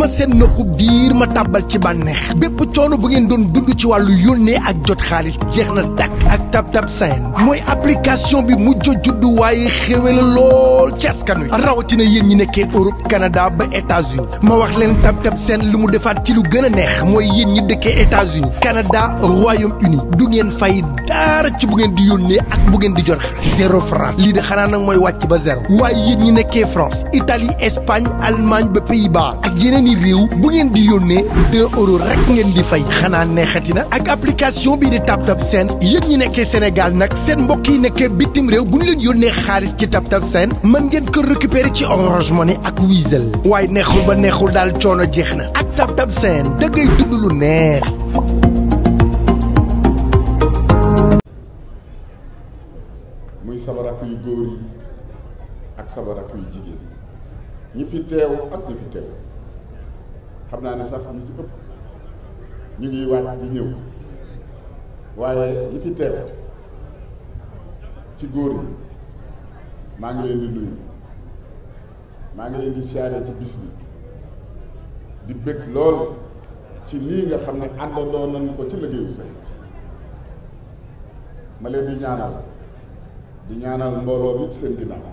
ma seen nopp biir ma tàbbal ci bànneex bépp coono bu ngeen doon dund ci wàllu yónnee ak jot xaalis jeex na dàkk ak Tab Tab Send mooy application bi mujj juddu waaye xéwé la lool ci askan wi rawatina yéen ñi nekkee Europe Canada ba États-Unis ma wax leen Tab Tab Send lu mu defaat ci lu gën a neex mooy yéen ñi dëkkee États-Unis Canada Royaume-Uni du ngeen fay dara ci bu ngeen di yónnee ak bu ngeen di jot xaalis zéro franc lii de xanaa nag mooy wàcc ba zéro waaye yéen ñi nekkee France Italie Espagne Allemagne ba Pays-Bas ak réew bu ngeen di yónnee 2 euros rek ngeen di fay xanaa neexati na ak application bii di TapTap Send yéen ñi nekkee Sénégal nag seen mbokk yi nekkee bitim réew bu ñu leen yónnee xaalis ci TapTap Send mën ngeen kër récupérer ci Orange Money ak Wizall waaye neexul ba neexul daal coono jeex na ak TapTap Send da ngay dund lu neex. xam naa ne sax ñu ci ëpp ñu ngi waaj di ñëw waaye ñi fi teew ci góor ñi maa ngi leen di nuyu maa ngi leen di siyaare ci bis bi di bëgg lool ci lii nga xam ne àndandoo nañ ko ci liggéeyu sëñ ma leen di ñaanal di ñaanal mbooloo mi ci seen ginnaaw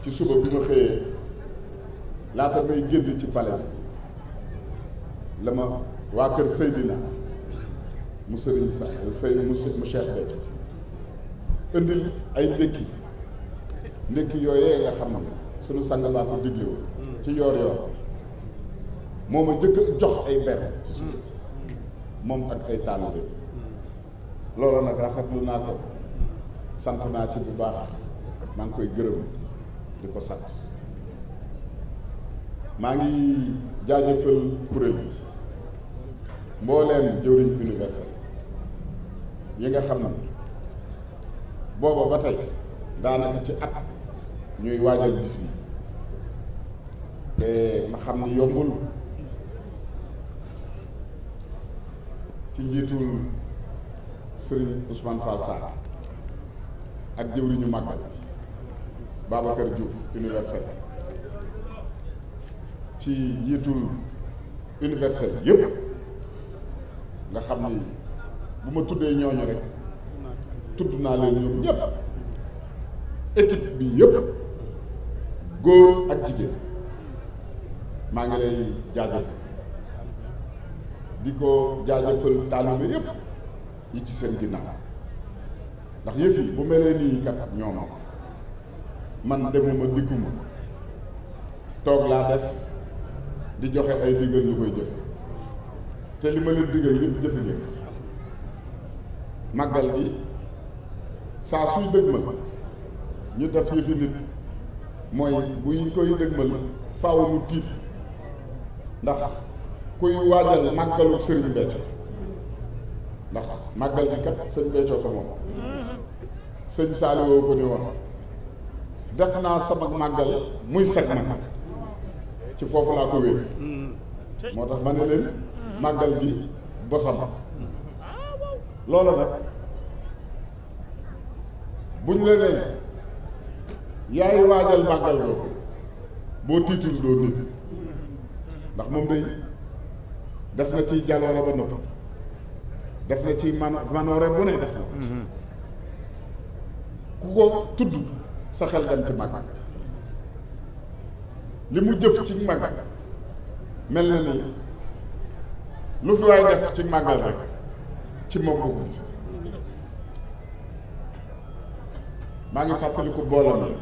ci suba bi ma xëyee laata may génn ci pale bi la ma waa kër Seydina mu sëriñ sa sëy mu Cheikh Béthio indil ay ndékki ndékki yooyee nga xam ne sunu sang baa ko digle woon ci yoor yoor moom a jox ay ber ci suuf moom ak rafet taalibe loolu naa ko sant naa ci bu baax maa ngi koy gërëm di ko sant maa ngi jaajëfal kuréel bi mbooleem jëwriñ universel yi nga xam ne booba ba tey daanaka ci at ñuy waajal bis te ma xam ni yombul ci njiitul sëriñ Ousmane Fall Sarr ak jëwriñu màggal Babacar Diouf universel ci njiitul universel yëpp nga xam ni bu ma tuddee ñooñu rek tudd naa leen ñoom ñëpp équipe bi yëpp góor ak jigéen maa ngi lay jaajëfal di ko jaajëfal taalibe yëpp yi ci seen ginnaaw ndax yëf yi bu mel nii kat ñoom man demuma dikkuma toog laa def di joxe ay digal ñu koy jëfe te li ma leen digal yëpp jëfe ngeen màggal gi saa suy dëgmal ñu def yëfi nit mooy bu ñu koy dëgmal faaw nu tiit ndax kuy waajal màggalu sëriñ Béthio ndax màggal gi kat sëñ Béthio ko moom sëñ Saliou ko ni woon def naa sama màggal muy sag màggal ci foofu laa ko wéer moo tax ma ne leen màggal gi bosam loolu nag buñ la nee yaay waajal màggal boobu boo tiitul doo nit ndax moom day def na ci jaloore ba noppi def na ci man manoore bu ne def na mhm. ku ko tudd sa xel dem ci màggal li mu jëf ci màggal mel na ni lu fi waay def ci màggal rek ci moom moo maa ngi fàttali ko boolam yi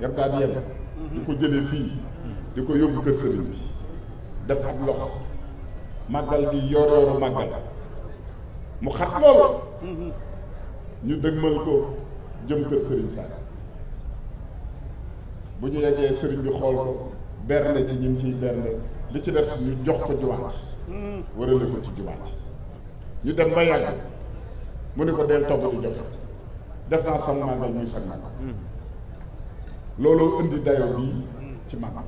yam daan yem di ko jëlee fii di ko yóbbu kër sëriñ bi def ak loxo màggal di yorooru màggal mu xat loolu ñu dëgmal ko jëm kër sëriñ saa bu ñu yeggee sëriñ bi xool ko bernde ci jim ciy bernde li ci des ñu jox ko jumaat warale ko ci jumaat ñu dem ba yàgg mu ne ko del togg di joxe def naa sama màggal muy sag màggal looloo indi dayoo bii ci màggal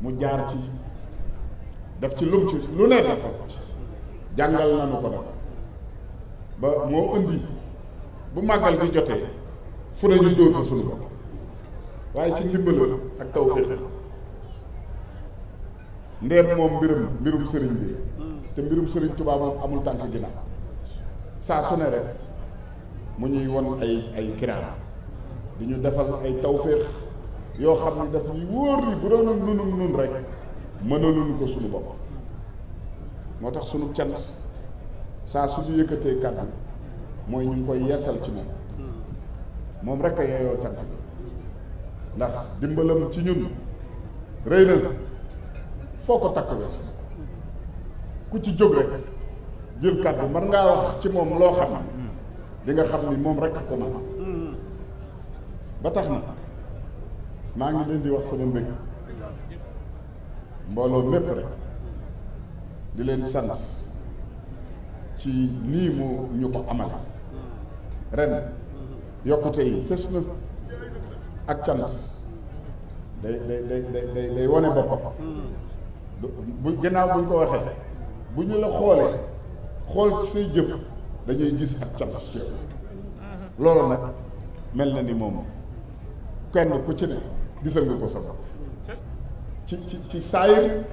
mu jaar ci daf ci lum ci lu ne dafa jàngal na nu ko def ba moo indi bu màggal gi jotee fu ne ñu dóor fa sunu waaye ci ndimbalu ak tawféex ndeem moom mbirum mbirum sëriñ bi te mbirum sëriñ tubaabam amul tànk ginnaaw saa su ne rek mu ñuy won ay ay kiraam di ñu defal ay tawféex yoo xam ne dafa ñuy wóor ni bu doon ak nunum nun rek mënaluñu ko suñu bopp moo tax sunu cant saa suñu yëkkatee kàddu mooy ñu ngi koy yeesal ci moom moom rek a yeeyoo cant bi ndax dimbalam ci ñun rëy na foo ko takk weesu ku ci jóg rek jël kàddu man ngaa wax ci moom loo xam li nga xam ni moom rek ko mën ba tax na maa ngi leen di wax sama mbég mbooloo mépp rek di leen sant ci nii mu ñu ko amale ren yokkute yi fes na ak cant day day day day day boppam bu gannaaw buñ ko waxee bu ñu la xoolee xool ci say jëf dañuy gis ak cant ci loolu nag mel na ni moom kenn ku ci ne gisal nga ko sa ci ci ci saayir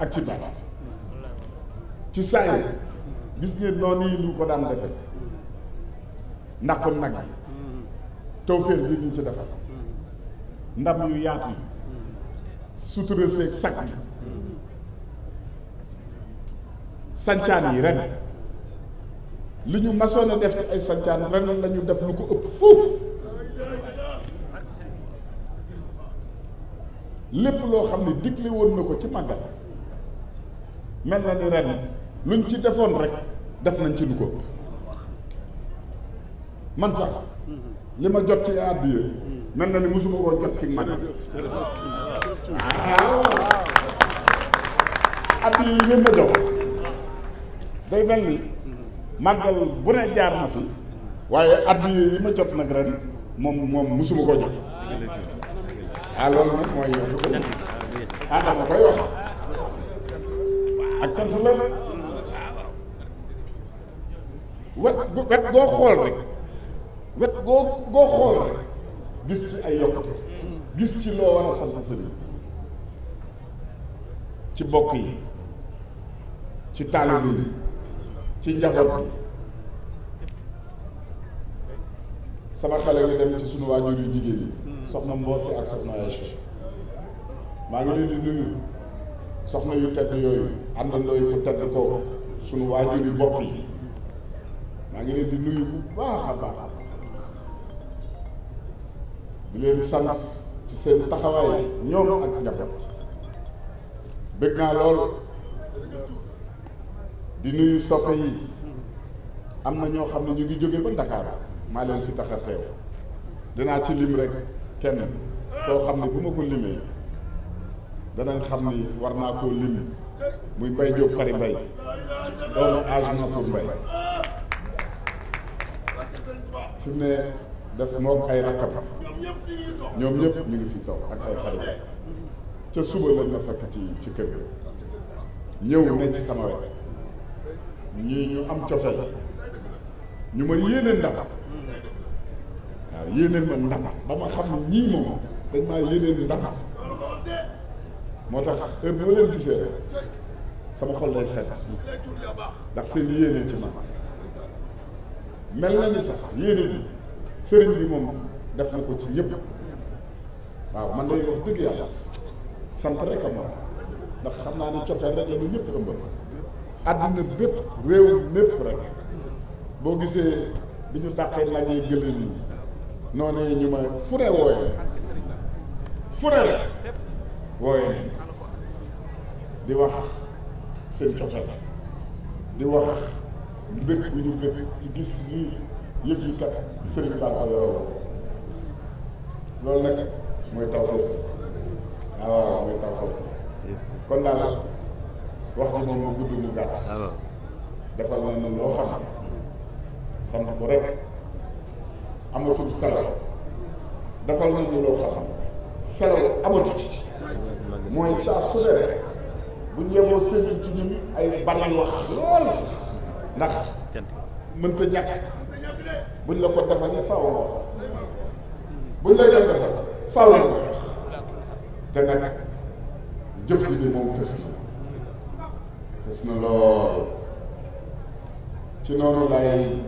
ak ci baat ci saayir gis ngeen noonu yi ñu ko daan defee naqam nag yi tawféex ji ñu ci defal ndam yu yaatu yi sutura sag sancaan yi ren li ñu masoon a def ci ay sancaan ren lañu def lu ko ëpp foofu lépp loo xam ne digle woon na ko ci màggal mel na ni ren luñ ci defoon rek def nañ ci lu ko ëpp man sax li ma jot ci àddiya mel na ni mosuma koo jot ci magal waaw yi yéen a jox day mel ni màggal bu ne jaar na fi waaye at yi ma jot nag ren moom moom mosuma koo jot ah loolu nag ah, koy wet goo xool rek wet goo goo xool gis ci ay yokkute gis ci loo war a sant sëriñ ci bokk yi ci taalibe yi ci njaboot bi sama xale ngi dem ci suñu waajur yu jigéen yi soxna Mboose ak soxna Aïcha maa ngi leen di nuyu soxna yu tedd yooyu àndandoo yu tedd ko sunu waajur yu bokk yi maa ngi leen di nuyu bu baax a baax di leen sant ci seen taxawaay ñoom ak njaboot bëgg naa lool di nuyu soppe yi am na ñoo xam ne ñu ngi jóge ba Dakar maa leen fi tax teew dinaa ci lim rek kenn koo xam ne bu ma ko limee danañ xam ni war naa koo lim muy Mbaye Diop Fary Mbaye doomu Age Mansour Mbaye fi mu ne def moom ay rakkam ñoom ñëpp ñu ngi fi toog ak ay xaritam ca suba lañ ma fekk ci ci kër gi ñëw ne ci sama wet ñu ñu am cofeel ñu ma yéeneen ndam waaw yéeneen ma ndam ba ma xam ne ñii moom dañ maa yéeneen ndam moo tax heure bi ma leen gisee sama xol lay set ndax seen yéene ci man mel na ni sax yéene bi sëriñ bi moom def na ko ci yëpp waaw man day wax dëgg yàlla sant rek a moom ndax xam naa ne cofeel rek la ñu ñëpp àddina bépp réew mépp rek boo gisee bi ñu dàqee nag yi gëlëm yi noonu ñu ma fure wooyee fure rek wooyee nañ di wax seen cofeel di wax mbëgg bu ñu bëgg ci gis yëf yi kat sëriñ baa ko loolu nag mooy taw foofu mooy taw foofu kon daal wax ji moom mu gudd mu gàtt defal na noonu loo xam sant ko rek amatul salo defal na ñu loo xam salo amatu mooy saa su bu ñu yemoo sëriñ ci ñun ay banal wax lool ndax mënta ñàkk buñ la ko defalee faaw la wax buñ la jël defal faaw la wax te nga nag jëf ji di moom fës na fës na lool ci noonu lay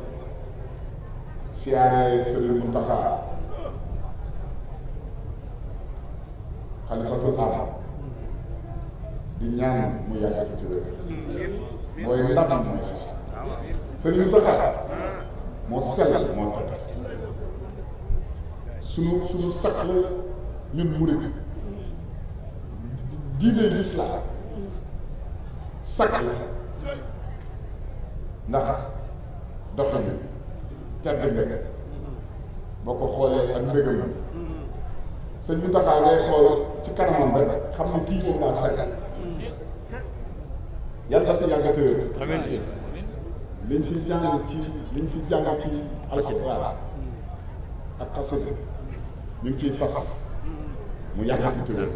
siyaare Sëriñ Muntaxa xalifatul alam di ñaan mu yàgg fi ci moo sell moo tàggat sunu sunu sax la ñun murid diine lislaam sax la ndax doxalin tedd nga boo ko xoolee ak mbégamam sëñ bi taxaw lay xool ci kanamam rek xam ne kii moom laa sagal yàlla dafa yàgg a liñ fi jàng ci liñ fi jàng ci alxuraan ak xasida ñu ngi ciy fas mu yàgg fi turéel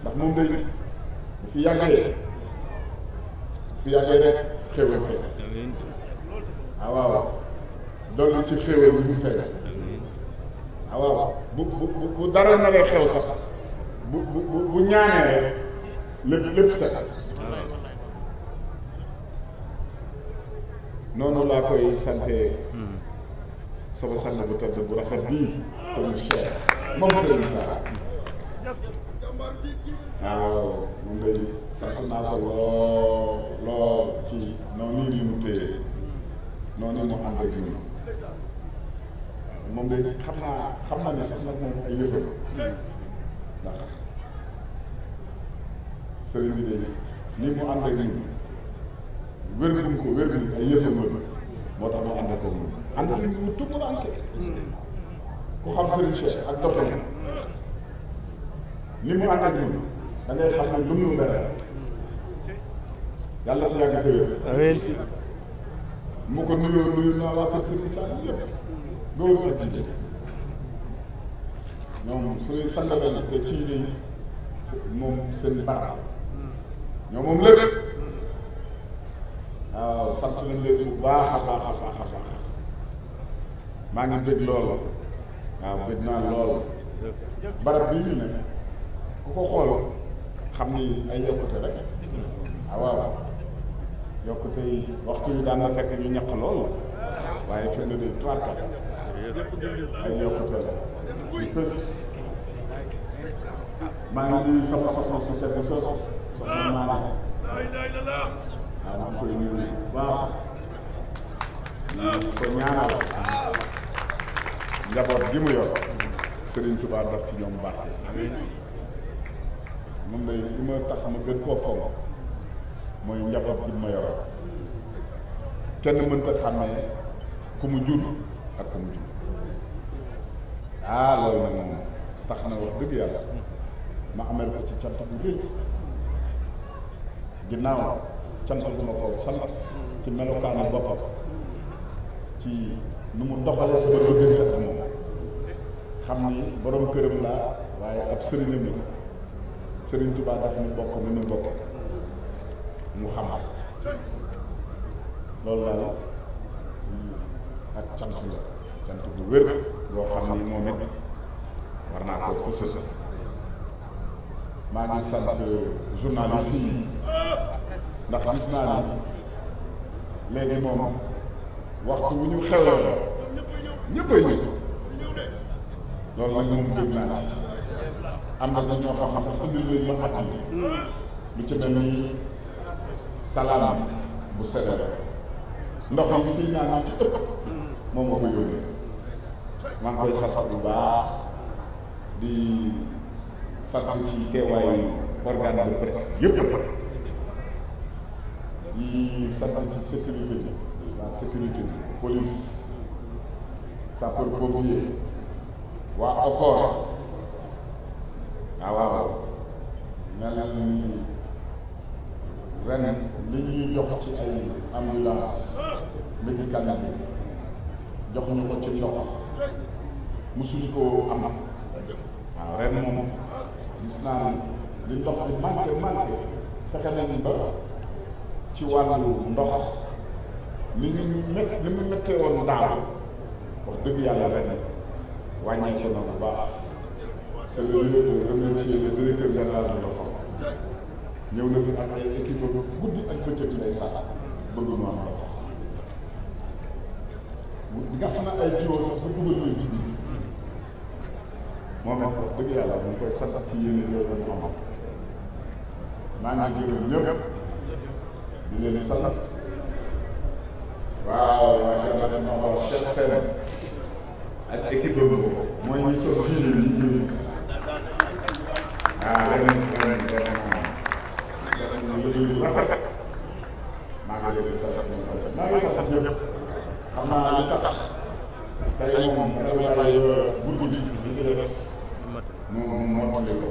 ndax moom day bu fi yàggee bu fi yàggee rek xéwal fee ah waaw dolli ci xéwal yi ñu fee ah waaw bu bu bu dara naree xew sax bu bu bu ñaanee rek lépp lépp sax noonu laa koy hmm. sante sama sant bu tëdd bu rafet bii comme cher moom Serigne Sarr waaw moom day sant naa ko loo loo ci noonu nii mu noonu mu ànd ak ñun moom day xam naa xam naa ne sax nag moom ay yëfam ndax Serigne bi de nii mu ànd ak wér-gu-dum ko wér-gu-dum moo tax moo ànd ak moom ànd ak mu tumuraanke ku xam Serigne Cheikh ak doxalin ni mu ànd ak ñun da ngay xam ne lu mu mere yàlla fi yàgg tëwéer moom seen barab moom lépp sant nañ leen bu baax a a baax maa ngi bëgg lool waaw bëgg naa lool barab bi ñu ne ku ko xool xam ni ay yokkute rek ah yokkute yi waxtu yi daan fekk ñu ñaq lool waaye fi mu ne ay yokkute la maa ngi nuyu sama soxna su sedd sos soxna Mara. maa koy nuyu bu baax njaboot gi mu yor Serigne Touba daf ci ñoom barke moom day li ma tax ma gën koo fonk mooy njaboot gi ma yoroon kenn mënta xàmmee ku mu jur ak ku mu jur ah loolu nag moom tax na wax dëgg yàlla ma amel ko ci cant bu rëy ginnaaw cantal gu ma ko sant ci melokaanu boppam ci nu mu doxale sama bëggante ak moom xam ni borom këram laa waaye ab sëriñam sëriñ Tuubaa daf ñu bokk ni ñu bokk mu xamal loolu daal ak cant la cant bu wér boo xam ni moom it war naa koo fësal maa ngi sant journaliste yi ndax gis naa ni léegi moom waxtu wu ñu xewee la ñëppay ñëw loolu nag moom dégg naa ci am na ci xam ne sax indi léegi lu ci mel bu sedd ndox yi ko yónnee maa koy xarxar bu baax di sant ci teewaayu organe de yëpp. s'attaque ci sécurité bi la sécurité bi police sapeur pompier waa AFOR ah waaw waaw mel ni ren li ñuy jox ci ay ambulance médicalisée jox ñu ko ci loxo musuñu ko am waaw ren moom gis naa li ndox mi manqué fexe nañu ba ci wàllu ndox li ñu mét li mu méttee woon daaw wax dëgg yàlla ren wàññeeku na bu baax c'est le lieu de remercier le directeur général de l'OFOR ñëw na fi ak ay équipe bu guddi ak bëccëg lay sax bëgg mu am gas na ay tuyaux sax bu dugal leen ci ji moom it wax dëgg yàlla dañ koy sa ci yéene yooyu ñu amam maa ngi gërëm ñëpp di leen sant waaw waa Jokalante ma xool Cheikh Sène ak équipe boobu mooy ñu soog ci li ñu gis waaw leneen leneen leneen maa ngi leen di sant maa ngi sant ñëpp xam naa li tax tey moom dama bàyyi ba guddi li ci des mu mottali ko